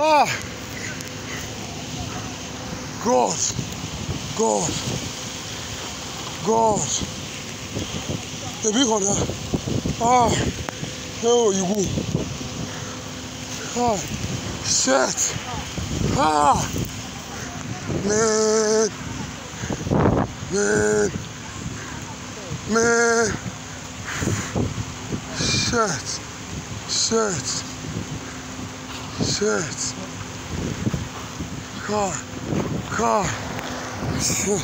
Oh. God. God. God. The big one. Ah. Oh, you go. Ah. Shit. Ah. Man. Man. Man. Shit. Shit. Shit. Car. Car. Shit.